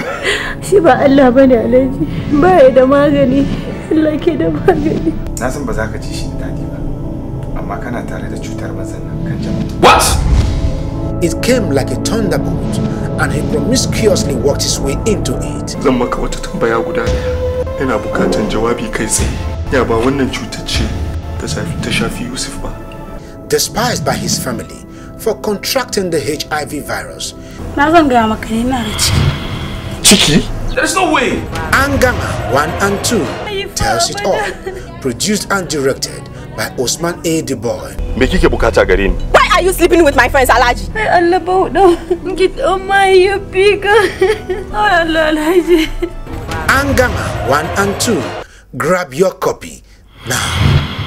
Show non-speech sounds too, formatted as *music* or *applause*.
*laughs* shi ba Allah ba ne alaji ba ya da magani Allah ke da magani na san ba za ka ci shi daɗi ba amma kana tare da cutar mazan nan kan jama'a what it came like a thunderbolt and he promiscuously worked his way into it zan maka wata tambaya guda ɗaya ina bukatan jawabi kai tsaye ya ba wannan cutar ce ta shafi Yusuf ba despised by his family for contracting the HIV virus na zan gaya maka ne na da ciki Chichi? There's no way! Angama 1 and 2 tells it all. Produced and directed by Osman A. Deboy. Me Why are you sleeping with my friends, Alaji? Ai Allah ba hudu. my *laughs* oh, Alaji. Angama 1 and 2. Grab your copy now.